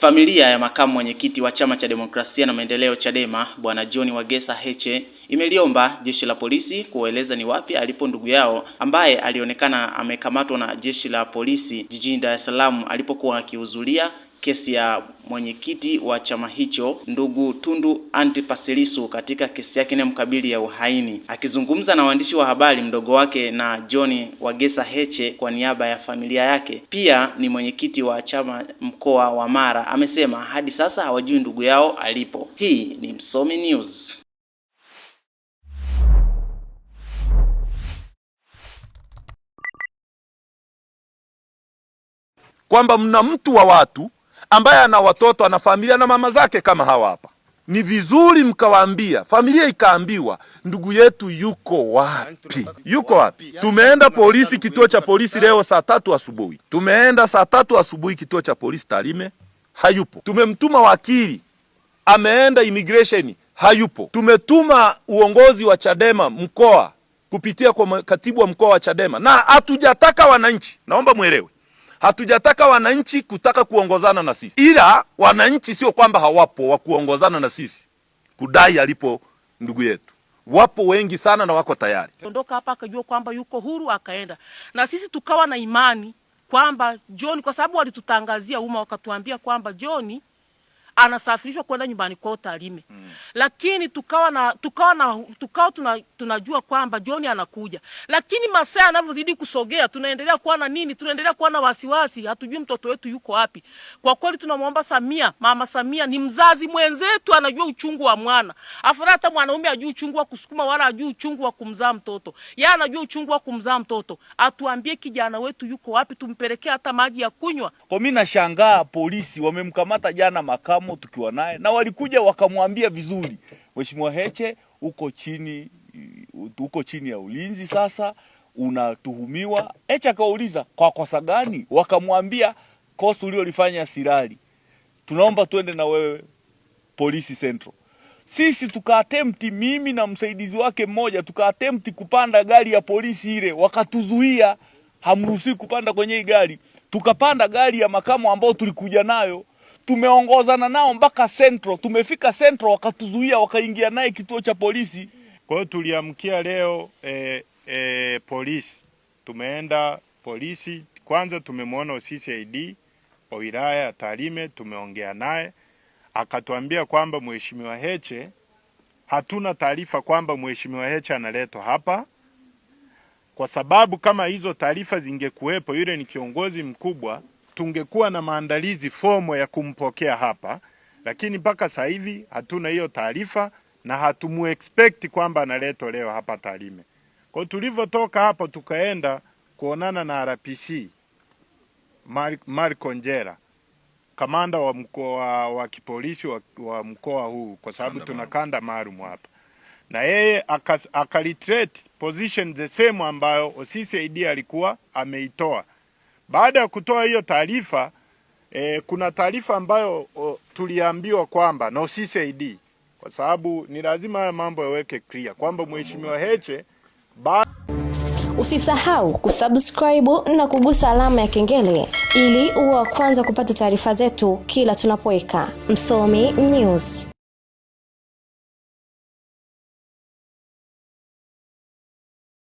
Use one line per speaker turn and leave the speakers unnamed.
Familia ya makamu mwenyekiti wa chama cha demokrasia na maendeleo Chadema Bwana John Wagesa Heche imeliomba jeshi la polisi kuwaeleza ni wapi alipo ndugu yao ambaye alionekana amekamatwa na jeshi la polisi jijini Dar es Salaam alipokuwa akihudhuria kesi ya mwenyekiti wa chama hicho ndugu Tundu Antipas Lissu katika kesi yake inayomkabili ya uhaini. Akizungumza na waandishi wa habari, mdogo wake na John Wagesa Heche kwa niaba ya familia yake, pia ni mwenyekiti wa chama mkoa wa Mara, amesema hadi sasa hawajui ndugu yao alipo. Hii ni Msomi News.
Kwamba mna mtu wa watu ambaye ana watoto ana familia na mama zake kama hawa hapa, ni vizuri mkawaambia, familia ikaambiwa ndugu yetu yuko wapi, yuko wapi. Tumeenda polisi, kituo cha polisi leo saa tatu asubuhi, tumeenda saa tatu asubuhi kituo cha polisi Tarime, hayupo. Tumemtuma wakili, ameenda immigration, hayupo. Tumetuma uongozi wa Chadema mkoa kupitia kwa katibu wa mkoa wa Chadema, na hatujataka wananchi, naomba mwelewe Hatujataka wananchi kutaka kuongozana na sisi, ila wananchi sio kwamba hawapo wa kuongozana na sisi kudai alipo ndugu yetu, wapo wengi sana na wako tayari.
Ondoka hapa akajua kwamba yuko huru, akaenda na sisi tukawa na imani kwamba John, kwa sababu walitutangazia umma wakatuambia kwamba John anasafirishwa kwenda nyumbani kwao Tarime mm. Lakini tukawa na tukawa na tukawa tuna, tunajua kwamba John anakuja, lakini masaa yanavyozidi kusogea tunaendelea kuwa na nini, tunaendelea kuwa na wasiwasi, hatujui mtoto wetu yuko wapi. Kwa kweli tunamwomba Samia, mama Samia ni mzazi mwenzetu, anajua uchungu wa mwana, afadhali hata mwanaume ajui uchungu wa kusukuma wala ajui uchungu wa kumzaa mtoto, yeye anajua uchungu wa kumzaa mtoto, atuambie kijana wetu yuko wapi, tumpelekee hata maji ya kunywa.
Kwa mimi nashangaa polisi wamemkamata jana makamu msimamo tukiwa naye, na walikuja wakamwambia vizuri, Mheshimiwa Heche, uko chini, uko chini ya ulinzi sasa, unatuhumiwa. Heche akawauliza kwa kosa gani? Wakamwambia kosa uliolifanya sirali, tunaomba tuende na wewe polisi central. Sisi tukaatempti, mimi na msaidizi wake mmoja, tukaatempti kupanda gari ya polisi ile, wakatuzuia, hamruhusi kupanda kwenye hii gari. Tukapanda gari ya makamo ambao tulikuja nayo tumeongozana nao mpaka sentro, tumefika sentro, wakatuzuia, wakaingia naye kituo cha polisi.
Kwa hiyo tuliamkia leo e, e, polisi, tumeenda polisi kwanza, tumemwona CCID wa wilaya ya Tarime, tumeongea naye akatuambia kwamba mheshimiwa Heche, hatuna taarifa kwamba mheshimiwa Heche analetwa hapa, kwa sababu kama hizo taarifa zingekuwepo, yule ni kiongozi mkubwa tungekuwa na maandalizi fomo ya kumpokea hapa, lakini mpaka sasa hivi hatuna hiyo taarifa na expect kwamba analetwa leo hapa Tarime. Kwa hiyo tulivyotoka hapo tukaenda kuonana na RPC Mar Marco Njera, kamanda wa mkoa wa kipolisi wa, wa mkoa huu, kwa sababu tuna kanda maalum hapa, na yeye akalitrate position the same ambayo OCCID alikuwa ameitoa. Baada ya kutoa hiyo taarifa e, kuna taarifa ambayo o, tuliambiwa kwamba na CCID, kwa sababu ni lazima haya mambo yaweke clear kwamba mheshimiwa Heche ba...
Usisahau kusubscribe na kugusa alama ya kengele ili uwe wa kwanza kupata taarifa zetu kila tunapoweka. Msomi News.